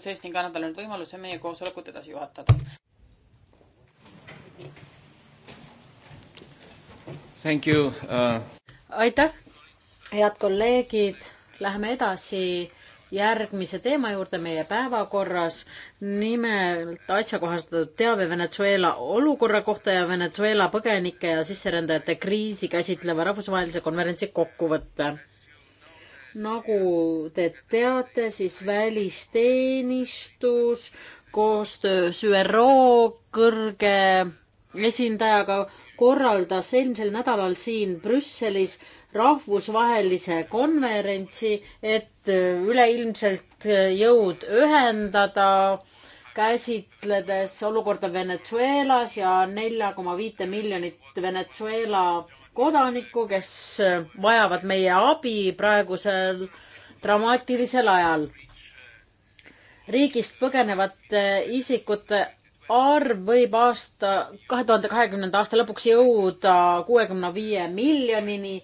toetuse eest ning annan talle nüüd võimaluse meie koosolekut edasi juhatada. Uh... aitäh, head kolleegid, läheme edasi järgmise teema juurde meie päevakorras, nimelt asjakohastatud teave Venezuela olukorra kohta ja Venezuela põgenike ja sisserändajate kriisi käsitleva rahvusvahelise konverentsi kokkuvõte nagu te teate, siis välisteenistus koostöös ÜRO kõrge esindajaga korraldas eelmisel nädalal siin Brüsselis rahvusvahelise konverentsi, et üleilmselt jõud ühendada käsitledes olukorda Venezuelas ja nelja koma viite miljonit Venezuela kodanikku, kes vajavad meie abi praegusel dramaatilisel ajal. riigist põgenevate isikute arv võib aasta, kahe tuhande kahekümnenda aasta lõpuks jõuda kuuekümne viie miljonini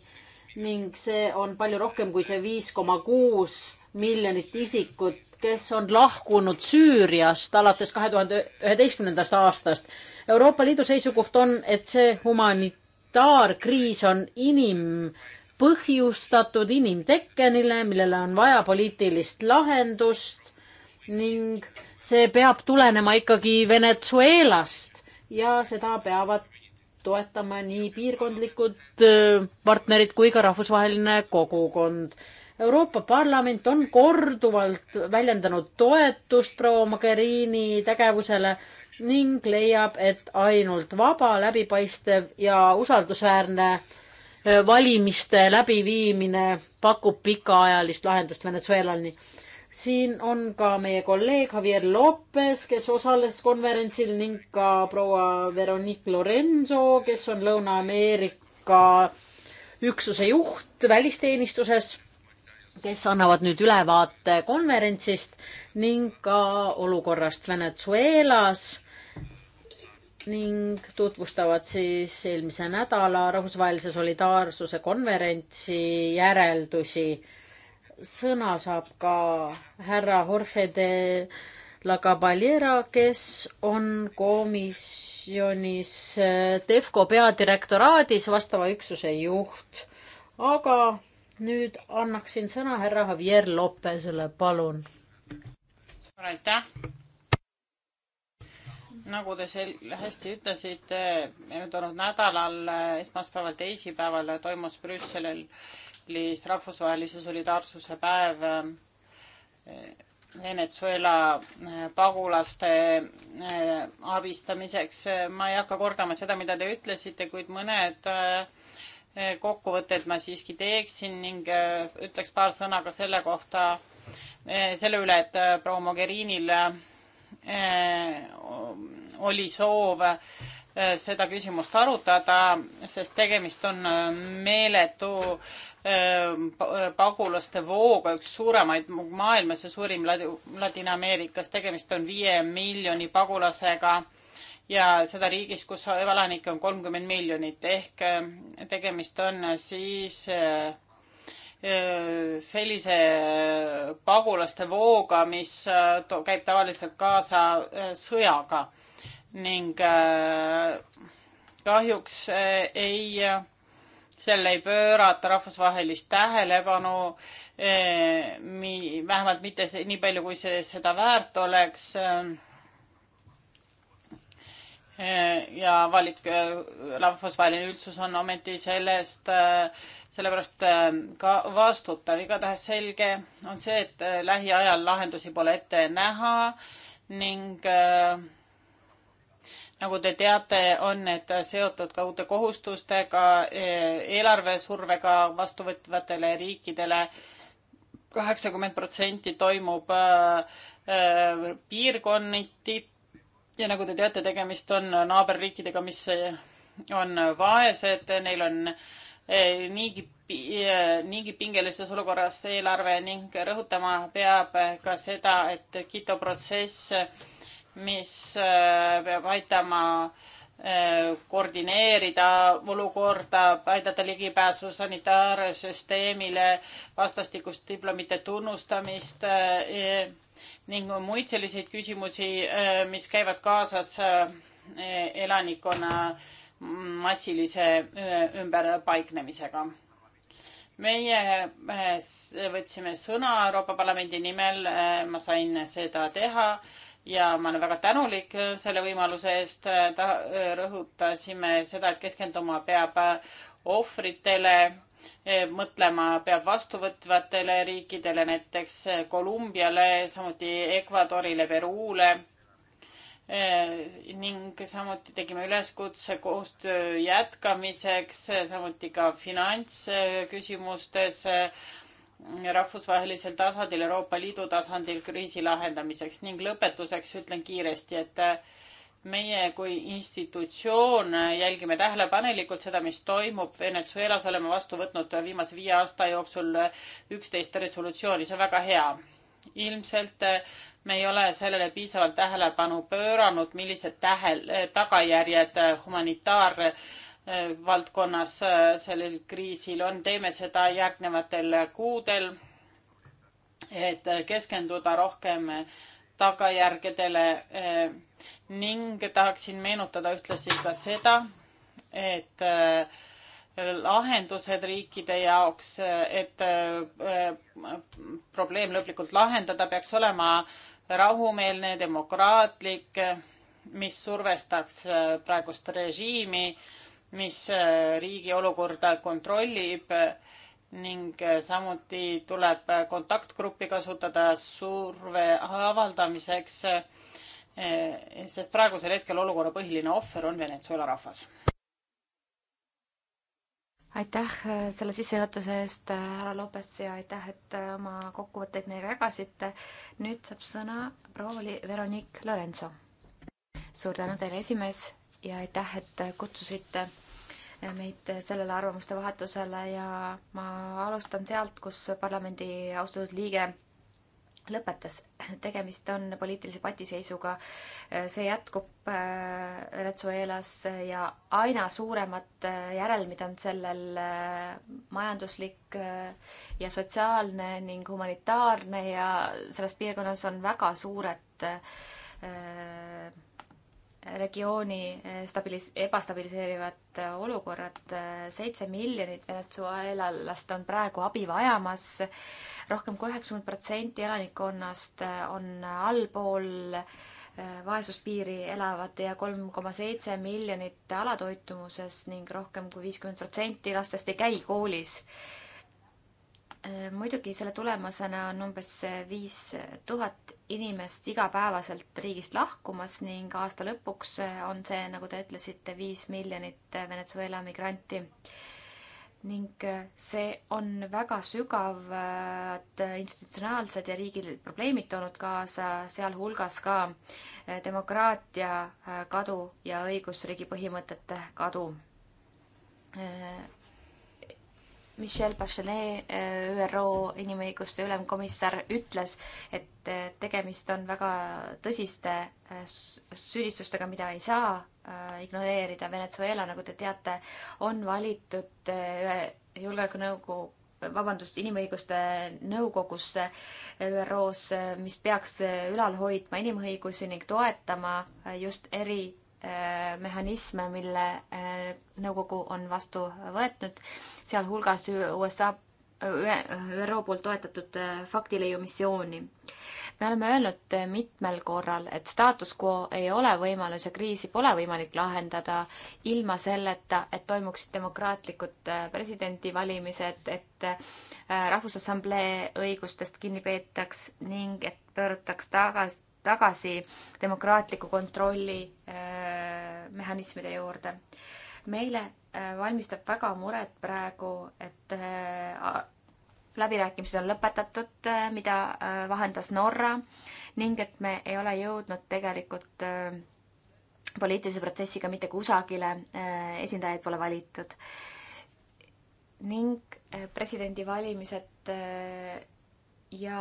ning see on palju rohkem kui see viis koma kuus miljonit isikut, kes on lahkunud Süüriast alates kahe tuhande üheteistkümnendast aastast. Euroopa Liidu seisukoht on, et see humanitaarkriis on inimpõhjustatud inimtekkeline, millele on vaja poliitilist lahendust ning see peab tulenema ikkagi Venezuelast ja seda peavad toetama nii piirkondlikud äh, partnerid kui ka rahvusvaheline kogukond Euroopa Parlament on korduvalt väljendanud toetust proua Mogherini tegevusele ning leiab, et ainult vaba, läbipaistev ja usaldusväärne valimiste läbiviimine pakub pikaajalist lahendust Venezuelani. siin on ka meie kolleeg Javier Lopez, kes osales konverentsil ning ka proua Veronique Lorenzo, kes on Lõuna-Ameerika üksuse juht välisteenistuses kes annavad nüüd ülevaate konverentsist ning ka olukorrast Venezuelas ning tutvustavad siis eelmise nädala rahvusvahelise solidaarsuse konverentsi järeldusi. sõna saab ka härra Jorge de la Caballera, kes on komisjonis Defco peadirektoraadis vastava üksuse juht, aga nüüd annaksin sõna härra Javier Lopesele, palun. suur aitäh. nagu te sel-, hästi ütlesite, möödunud nädalal, esmaspäeval, teisipäeval toimus Brüsselis rahvusvahelise solidaarsuse päev eh, Venezuela eh, pagulaste eh, abistamiseks. ma ei hakka kordama seda, mida te ütlesite, kuid mõned äh, kokkuvõtted ma siiski teeksin ning äh, ütleks paar sõna ka selle kohta, äh, selle üle, et äh, proua Mogherinil oli soov seda küsimust arutada, sest tegemist on meeletu pagulaste vooga, üks suuremaid maailmas ja suurim Ladina-Ameerikas, tegemist on viie miljoni pagulasega ja seda riigis, kus elanikke on kolmkümmend miljonit ehk äh, tegemist on äh, siis äh, sellise pagulaste vooga, mis käib tavaliselt kaasa sõjaga ning kahjuks ei, sellele ei pöörata rahvusvahelist tähelepanu, vähemalt mitte nii palju, kui see seda väärt oleks Eh, ja avalik eh, rahvusvaheline üldsus on ometi sellest, eh, sellepärast ka vastutav. igatahes selge on see, et lähiajal lahendusi pole ette näha ning nagu te teate, on need seotud ka uute kohustustega, eelarvesurvega vastuvõtvatele riikidele. kaheksakümmend protsenti toimub piirkonniti ja nagu te teate, tegemist on naaberriikidega, mis on vaesed, neil on eh, niigi, eh, niigi pingelises olukorras eelarve ning rõhutama peab ka seda, et Quito protsess, mis eh, peab aitama koordineerida olukorda, aidata ligipääsu sanitaarsüsteemile, vastastikust diplomite tunnustamist ning muid selliseid küsimusi, äh, mis käivad kaasas äh, elanikkonna massilise äh, ümberpaiknemisega. meie võtsime sõna Euroopa Parlamendi nimel, ma sain seda teha ja ma olen väga tänulik selle võimaluse eest. rõhutasime seda, et keskenduma peab ohvritele Eh, mõtlema peab vastuvõtvatele riikidele, näiteks eh, Kolumbiale, samuti Ecuadorile, Peruule. Eh, ning samuti tegime üleskutse koostöö jätkamiseks, samuti ka finantsküsimustes rahvusvahelisel tasandil, Euroopa Liidu tasandil kriisi lahendamiseks ning lõpetuseks ütlen kiiresti, et meie kui institutsioon jälgime tähelepanelikult seda, mis toimub Venezuelas, oleme vastu võtnud viimase viie aasta jooksul üksteist resolutsiooni, see on väga hea. ilmselt me ei ole sellele piisavalt tähelepanu pööranud, millised tähel-, tagajärjed humanitaarvaldkonnas sellel kriisil on, teeme seda järgnevatel kuudel, et keskenduda rohkem äh, tagajärgedele eh, ning tahaksin meenutada ühtlasi ka seda, et eh, lahendused riikide jaoks, eh, et probleem lõplikult lahendada, peaks olema rahumeelne, demokraatlik, mis survestaks praegust režiimi, mis riigi olukorda kontrollib ning äh, samuti tuleb äh, kontaktgruppi kasutada surve avaldamiseks, äh, sest praegusel hetkel olukorra põhiline ohver on Venezuela rahvas. aitäh selle sissejuhatuse eest, härra Lopes, ja aitäh, et oma kokkuvõtteid meiega jagasite. nüüd saab sõna proua Veronique Lorenzo. suur tänu teile, esimees, ja aitäh, et kutsusite meid sellele arvamuste vahetusele ja ma alustan sealt, kus parlamendi austatud liige lõpetas. tegemist on poliitilise patiseisuga. see jätkub äh, Venezuelas ja aina suuremad äh, järelmid on sellel äh, majanduslik ja sotsiaalne ning humanitaarne ja selles piirkonnas on väga suured regiooni eh, stabilis-, ebastabiliseerivad eh, olukorrad. Eh, seitse miljonit venezuelalast on praegu abi vajamas rohkem. rohkem kui üheksakümmend protsenti elanikkonnast on allpool vaesuspiiri elavad ja kolm koma seitse miljonit alatoitumuses ning rohkem kui viiskümmend protsenti lastest ei käi koolis Äh, muidugi selle tulemusena on umbes viis tuhat inimest igapäevaselt riigist lahkumas ning aasta lõpuks äh, on see, nagu te ütlesite, viis miljonit äh, Venezuela migranti. ning see on väga sügavad institutsionaalsed ja riigil probleemid toonud kaasa, sealhulgas ka demokraatia kadu ja õigusriigi põhimõtete kadu Michel Bachelet, eh, ÜRO inimõiguste ülemkomissar, ütles, et eh, tegemist on väga tõsiste eh, süüdistustega, mida ei saa ignoreerida. Venezuela, nagu te teate, on valitud ühe julgeolekunõukogu vabandust, inimõiguste nõukogusse ÜRO-s, mis peaks ülal hoidma inimõigusi ning toetama just eri Äh, mehhanisme, mille äh, nõukogu on vastu võetnud, sealhulgas USA, ÜRO poolt toetatud äh, faktileiu missiooni. me oleme öelnud mitmel korral, et staatus quo ei ole võimalus ja kriisi pole võimalik lahendada ilma selleta, et toimuksid demokraatlikud presidendivalimised, et Rahvusassamblee õigustest kinni peetaks ning et pöörataks tagasi tagasi demokraatliku kontrolli äh, mehhanismide juurde. meile äh, valmistab väga muret praegu, et äh, läbirääkimised on lõpetatud, äh, mida vahendas Norra ning et me ei ole jõudnud tegelikult poliitilise protsessiga mitte kusagile, esindajaid pole valitud. ning presidendivalimised ja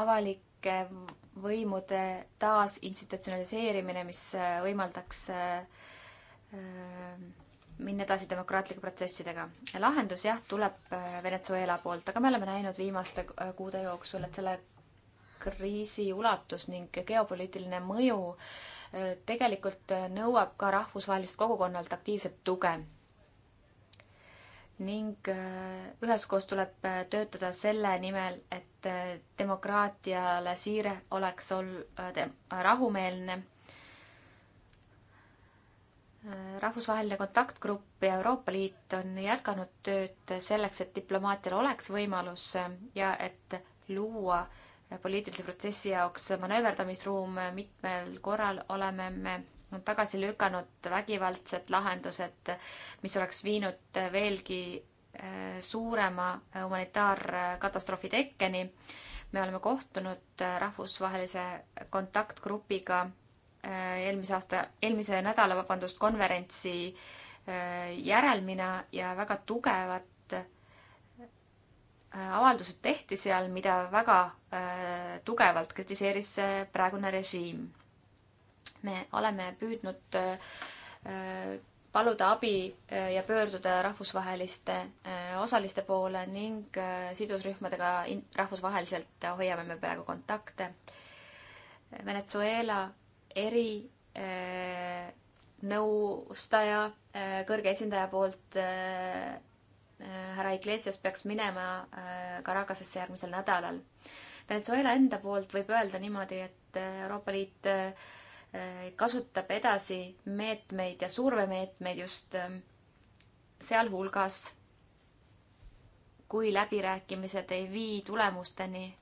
avalik kohalike võimude taasinstitutsionaliseerimine, mis äh, võimaldaks äh, äh, minna edasi demokraatlike protsessidega. lahendus jah, tuleb Venezuela poolt, aga me oleme näinud viimaste kuude jooksul, et selle kriisi ulatus ning geopoliitiline mõju tegelikult nõuab ka rahvusvahelist kogukonnalt aktiivset tuge. ning üheskoos tuleb töötada selle nimel, et et demokraatiale siire oleks ol-, äh, rahumeelne. rahvusvaheline kontaktgrupp ja Euroopa Liit on jätkanud tööd selleks, et diplomaatial oleks võimalus ja et luua poliitilise protsessi jaoks manööverdamisruum, mitmel korral oleme me tagasi lükanud vägivaldsed lahendused, mis oleks viinud veelgi suurema humanitaarkatastroofi tekkeni. me oleme kohtunud rahvusvahelise kontaktgrupiga äh, eelmise aasta, eelmise nädala, vabandust, konverentsi äh, järelmina ja väga tugevat äh, avaldused tehti seal, mida väga tugevalt kritiseeris praegune režiim. me oleme püüdnud paluda abi äh, ja pöörduda rahvusvaheliste äh, osaliste poole ning äh, sidusrühmadega rahvusvaheliselt hoiame me praegu kontakte. Venezuela eri nõustaja, kõrge esindaja poolt härra Iglesias peaks minema Caracasesse järgmisel nädalal. Venezuela enda poolt võib öelda niimoodi, et Euroopa Liit kasutab edasi meetmeid ja survemeetmeid just ähm, sealhulgas, kui läbirääkimised ei vii tulemusteni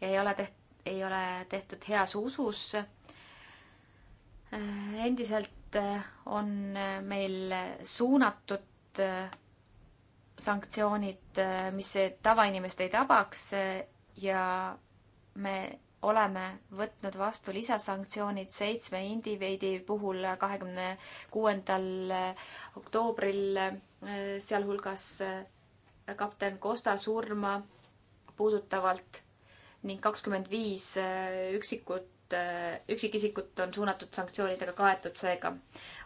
ja ei ole teht-, ei ole tehtud heas usus. Äh, endiselt äh, on äh, meil suunatud sanktsioonid, mis tavainimest ei tabaks ja me oleme võtnud vastu lisasanktsioonid seitsme indiviidi puhul kahekümne kuuendal oktoobril, sealhulgas äh, kapten Costa surma puudutavalt ning kakskümmend viis äh, üksikut, äh, üksikisikut on suunatud sanktsioonidega kaetud seega.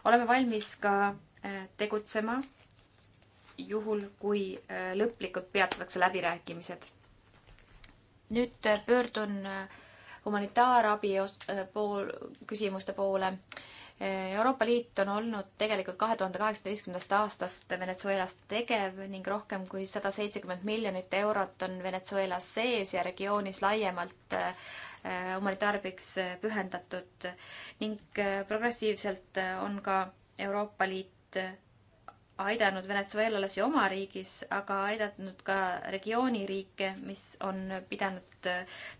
oleme valmis ka tegutsema juhul, kui lõplikult peatatakse läbirääkimised. nüüd pöördun äh, humanitaarabi äh, pool, küsimuste poole. Äh, Euroopa Liit on olnud tegelikult kahe tuhande kaheksateistkümnendast aastast Venezuelast tegev ning rohkem kui sada seitsekümmend miljonit eurot on Venezuelas sees ja regioonis laiemalt äh, humanitaarabiks pühendatud ning progressiivselt on ka Euroopa Liit aidanud venezuelalasi oma riigis, aga aidanud ka regiooni riike, mis on pidanud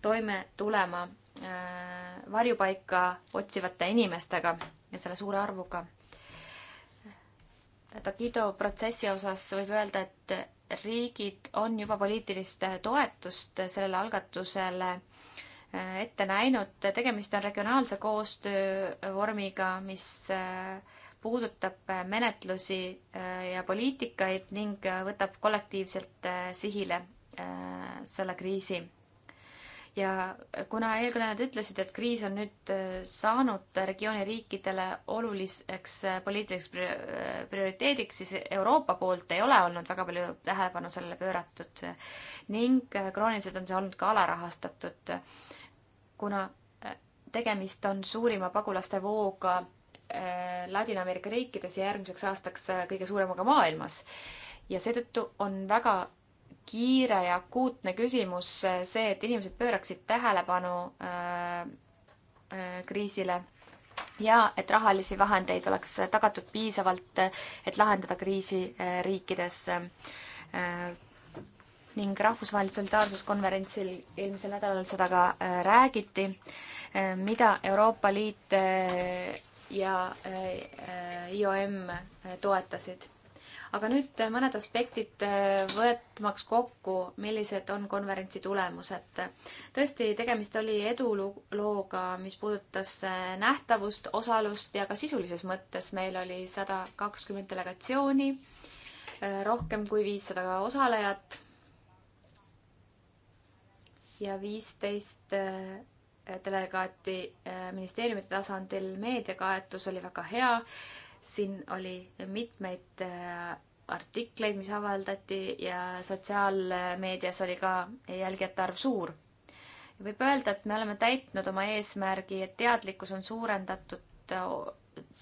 toime tulema äh, varjupaika otsivate inimestega ja selle suure arvuga. Tagido protsessi osas võib öelda, et riigid on juba poliitilist toetust sellele algatusele äh, ette näinud, tegemist on regionaalse koostöö vormiga, mis äh, puudutab äh, menetlusi äh, ja poliitikaid ning äh, võtab kollektiivselt sihile selle kriisi. ja kuna eelkõnelejad ütlesid, et kriis on nüüd saanud regiooni riikidele oluliseks poliitiliseks prioriteediks, siis Euroopa poolt ei ole olnud väga palju tähelepanu sellele pööratud ning krooniliselt on see olnud ka alarahastatud, kuna tegemist on suurima pagulaste vooga Äh, Ladina-Ameerika riikides ja järgmiseks aastaks äh, kõige suuremaga maailmas. ja seetõttu on väga kiire ja akuutne küsimus äh, see, et inimesed pööraksid tähelepanu kriisile ja et rahalisi vahendeid oleks tagatud piisavalt, et lahendada kriisi riikides. ning rahvusvahelisel solidaarsuskonverentsil eelmisel nädalal seda ka räägiti, mida Euroopa Liit ja äh, äh, IOM äh, toetasid. aga nüüd mõned aspektid võtmaks kokku, millised on konverentsi tulemused. tõesti, tegemist oli edulooga, mis puudutas nähtavust, osalust ja ka sisulises mõttes meil oli sada kakskümmend delegatsiooni, rohkem kui viissada osalejat ja viisteist 15 delegaati äh, ministeeriumite tasandil, meediakaetus oli väga hea, siin oli mitmeid äh, artikleid, mis avaldati ja sotsiaalmeedias oli ka jälgijate arv suur. võib öelda, et me oleme täitnud oma eesmärgi, et teadlikkus on suurendatud äh,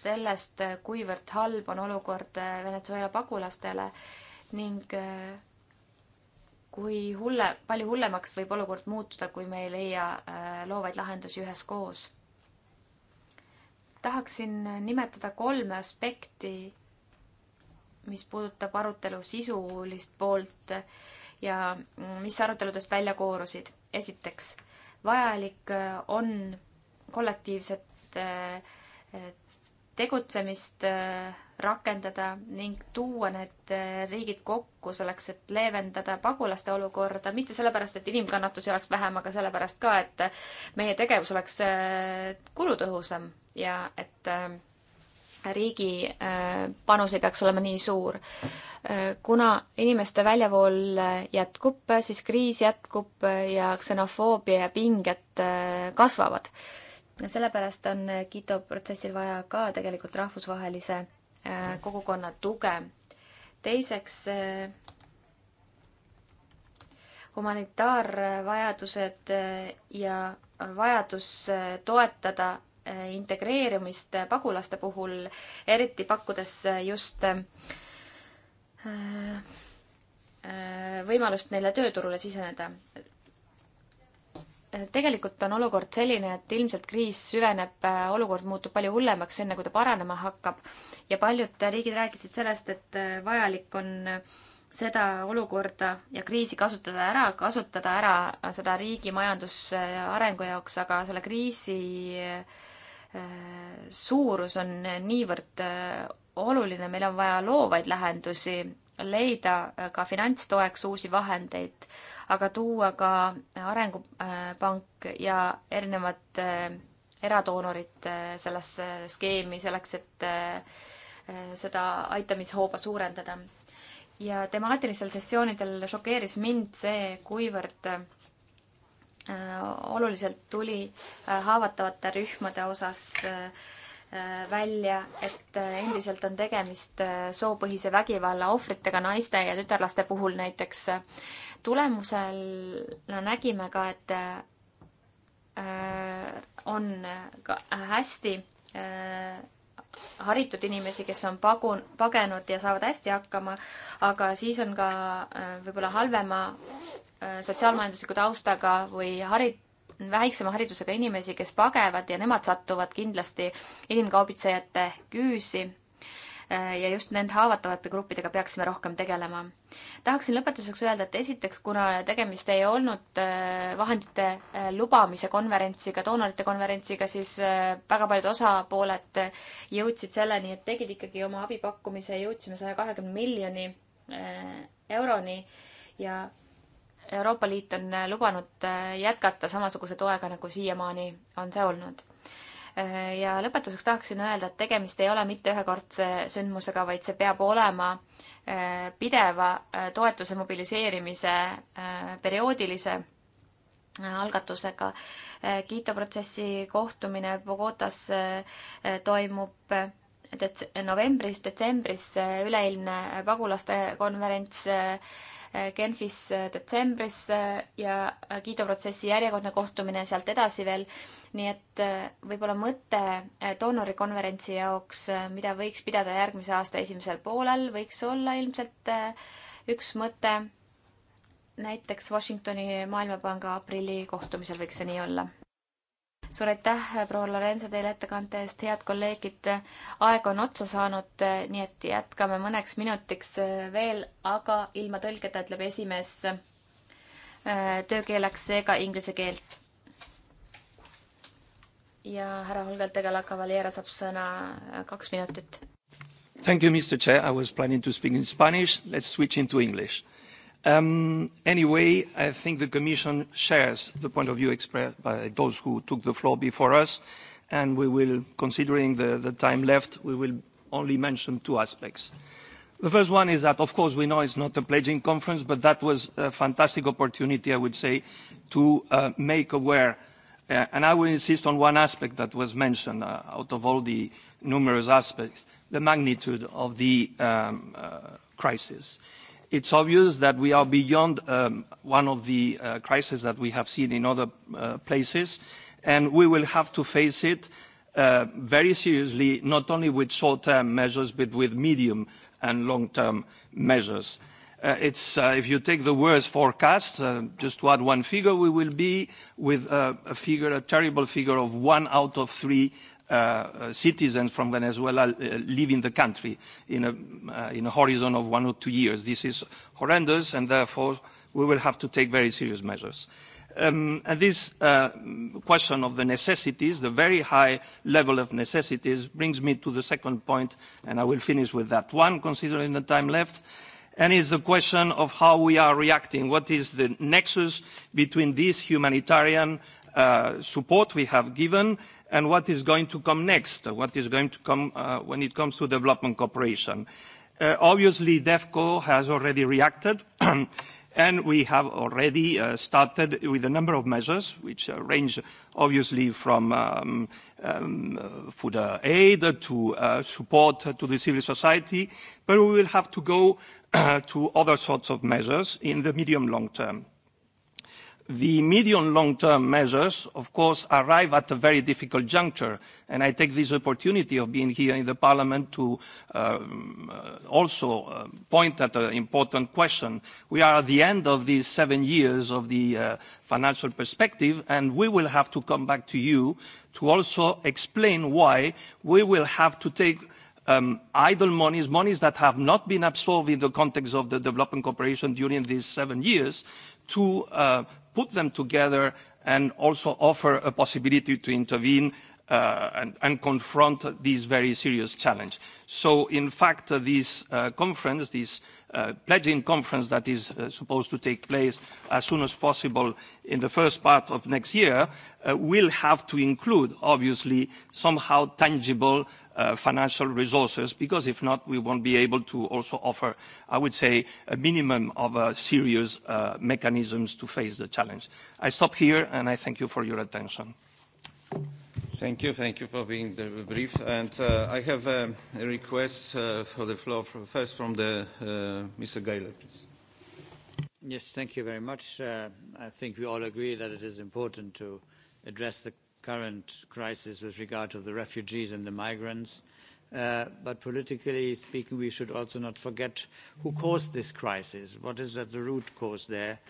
sellest, kuivõrd halb on olukord Venezuela pagulastele ning kui hulle, palju hullemaks võib olukord muutuda, kui me ei leia äh, loovaid lahendusi üheskoos. tahaksin nimetada kolme aspekti, mis puudutab arutelu sisulist poolt ja mis aruteludest välja koorusid. esiteks, vajalik äh, on kollektiivset äh, tegutsemist äh, rakendada ning tuua need eh, riigid kokku selleks, et leevendada pagulaste olukorda, mitte sellepärast, et inimkannatusi oleks vähem, aga sellepärast ka, et meie tegevus oleks eh, kulutõhusam ja et eh, riigi panus ei peaks olema nii suur. kuna inimeste väljavool jätkub, siis kriis jätkub ja ksenofoobia ja pinged kasvavad. sellepärast on Quito protsessil vaja ka tegelikult rahvusvahelise Äh, kogukonna tuge. teiseks, äh, humanitaarvajadused äh, ja vajadus toetada integreerumist pagulaste puhul, eriti pakkudes just võimalust neile tööturule siseneda tegelikult on olukord selline, et ilmselt kriis süveneb, äh, olukord muutub palju hullemaks, enne kui ta paranema hakkab. ja paljud riigid rääkisid sellest, et äh, vajalik on äh, seda olukorda ja kriisi kasutada ära, kasutada ära seda riigi majandusarengu jaoks, aga selle kriisi suurus on niivõrd oluline, meil on vaja loovaid lahendusi leida äh, ka finantstoeks uusi vahendeid, aga tuua ka Arengupank ja erinevad äh, eradoonorid äh, sellesse skeemi selleks, et seda aitamishooba suurendada. ja temaatilistel sessioonidel šokeeris mind see, kuivõrd oluliselt tuli haavatavate rühmade osas äh, Äh, välja, et äh, endiselt on tegemist äh, soopõhise vägivalla ohvritega naiste ja tütarlaste puhul näiteks. tulemusel nägime ka, et on ka hästi haritud inimesi, kes on pagun-, pagenud ja saavad hästi hakkama, aga siis on ka võib-olla halvema sotsiaalmajandusliku taustaga või harit-, väiksema haridusega inimesi, kes pagevad ja nemad satuvad kindlasti inimkaubitsejate küüsi. ja just nende haavatavate gruppidega peaksime rohkem tegelema. tahaksin lõpetuseks öelda, et esiteks, kuna tegemist ei olnud äh, vahendite äh, lubamise konverentsiga, doonorite konverentsiga, siis äh, väga paljud osapooled jõudsid selleni, et tegid ikkagi oma abipakkumise, jõudsime saja kahekümne miljoni euroni ja Euroopa Liit on äh, lubanud äh, jätkata samasuguse toega, nagu siiamaani on see olnud. Äh, ja lõpetuseks tahaksin öelda, et tegemist ei ole mitte ühekordse sündmusega, vaid see peab olema pideva toetuse mobiliseerimise perioodilise algatusega. Quito protsessi kohtumine Bogotas toimub dets-, novembris, detsembris üleeilne pagulaste konverents Äh, Genfis äh, detsembris äh, ja Guido protsessi järjekordne kohtumine sealt edasi veel. nii et võib-olla mõte doonorikonverentsi jaoks, mida võiks pidada järgmise aasta esimesel poolel, võiks olla ilmselt üks mõte. näiteks Washingtoni Maailmapanga aprilli kohtumisel võiks see nii olla suur aitäh, proua Lorenzo, teile ettekande eest, head kolleegid. aeg on otsa saanud, nii et jätkame mõneks minutiks veel, aga ilma tõlgeta ütleb esimees töökeeleks seega inglise keelt. ja härra Holger Tegela Cavaliera saab sõna kaks minutit. Thank you, Mr Chair, I was planning to speak in spanish, let's switch into english Um, anyway, I think the Commission shares the point of view expressed by those who took the floor before us, and we will, considering the, the time left, we will only mention two aspects. The first one is that, of course, we know it's not a pledging conference, but that was a fantastic opportunity, I would say, to uh, make aware. Uh, and I will insist on one aspect that was mentioned uh, out of all the numerous aspects, the magnitude of the um, uh, crisis. Uh, It's obvious that we are beyond um, one of the uh, crises that we have seen in other uh, places, and we will have to face it uh, very seriously, not only with short-term measures, but with medium and long-term measures. Uh, it's, uh, if you take the worst forecast, uh, just to add one figure, we will be with uh, a figure, a terrible figure of one out of three Uh, uh, citizens from Venezuela uh, leaving the country in a, uh, in a horizon of one or two years. This is horrendous, and therefore we will have to take very serious measures. Um, and this uh, question of the necessities, the very high level of necessities, brings me to the second point, and I will finish with that one, considering the time left, and is the question of how we are reacting. What is the nexus between this humanitarian uh, support we have given and what is going to come next, what is going to come uh, when it comes to development cooperation. Uh, obviously, DevCo has already reacted, and we have already uh, started with a number of measures, which uh, range obviously from um, um, uh, food aid to uh, support to the civil society, but we will have to go to other sorts of measures in the medium long term the medium long-term measures, of course, arrive at a very difficult juncture. And I take this opportunity of being here in the parliament to um, uh, also uh, point at an important question. We are at the end of these seven years of the uh, financial perspective, and we will have to come back to you to also explain why we will have to take Um, idle monies, monies that have not been absorbed in the context of the development cooperation during these seven years, to uh, put them together and also offer a possibility to intervene uh, and, and confront this very serious challenge. So in fact, uh, this uh, conference, this uh, pledging conference that is uh, supposed to take place as soon as possible in the first part of next year uh, will have to include, obviously, somehow tangible Uh, financial resources, because if not, we won't be able to also offer, I would say, a minimum of uh, serious uh, mechanisms to face the challenge. I stop here, and I thank you for your attention. Thank you. Thank you for being brief. And uh, I have uh, a request uh, for the floor from, first from the uh, Mr. Geiler, please. Yes, thank you very much. Uh, I think we all agree that it is important to address the current crisis with regard to the refugees and the migrants. Uh, but politically speaking, we should also not forget who caused this crisis. What is at the root cause there? Uh,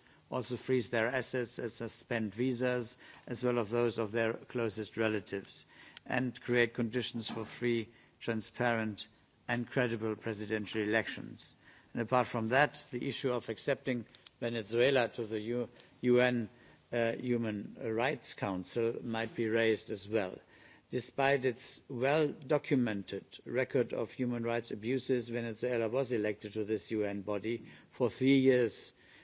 also freeze their assets and suspend visas, as well as those of their closest relatives, and create conditions for free, transparent, and credible presidential elections. And apart from that, the issue of accepting Venezuela to the U UN uh, Human Rights Council might be raised as well. Despite its well-documented record of human rights abuses, Venezuela was elected to this UN body for three years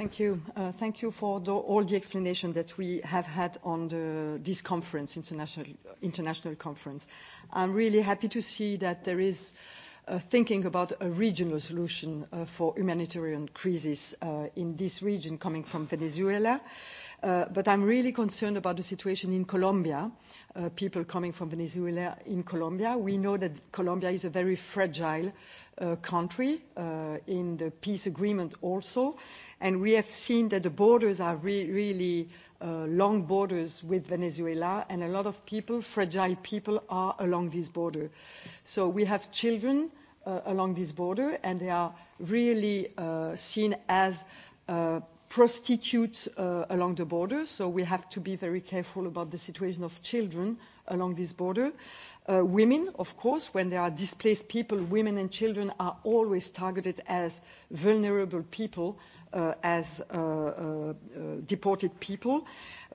Thank you. Uh, thank you for the, all the explanation that we have had on the, this conference, international, international conference. I'm really happy to see that there is uh, thinking about a regional solution uh, for humanitarian crisis uh, in this region coming from Venezuela. Uh, Uh, but I'm really concerned about the situation in Colombia, uh, people coming from Venezuela in Colombia. We know that Colombia is a very fragile uh, country uh, in the peace agreement also. And we have seen that the borders are re really uh, long borders with Venezuela, and a lot of people, fragile people, are along this border. So we have children uh, along this border, and they are really uh, seen as uh, prostitutes uh, along the border, so we have to be very careful about the situation of children along this border. Uh, women, of course, when there are displaced people, women and children are always targeted as vulnerable people, uh, as uh, uh, uh, deported people,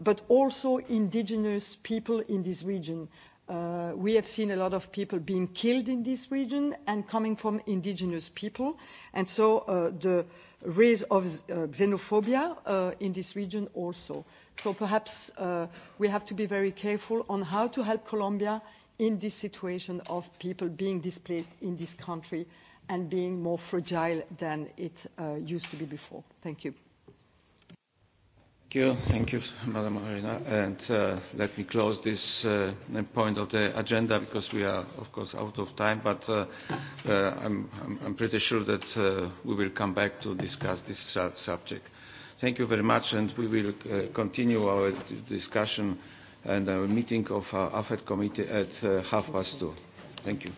but also indigenous people in this region. Uh, Uh, we have seen a lot of people being killed in this region and coming from indigenous people. And so uh, the rise of uh, xenophobia uh, in this region also. So perhaps uh, we have to be very careful on how to help Colombia in this situation of people being displaced in this country and being more fragile than it uh, used to be before. Thank you you. Thank you, Madam Arena. And uh, let me close this uh, point of the agenda because we are, of course, out of time. But uh, uh, I'm, I'm, I'm pretty sure that uh, we will come back to discuss this su subject. Thank you very much, and we will uh, continue our discussion and our meeting of our AFED committee at uh, half past two. Thank you.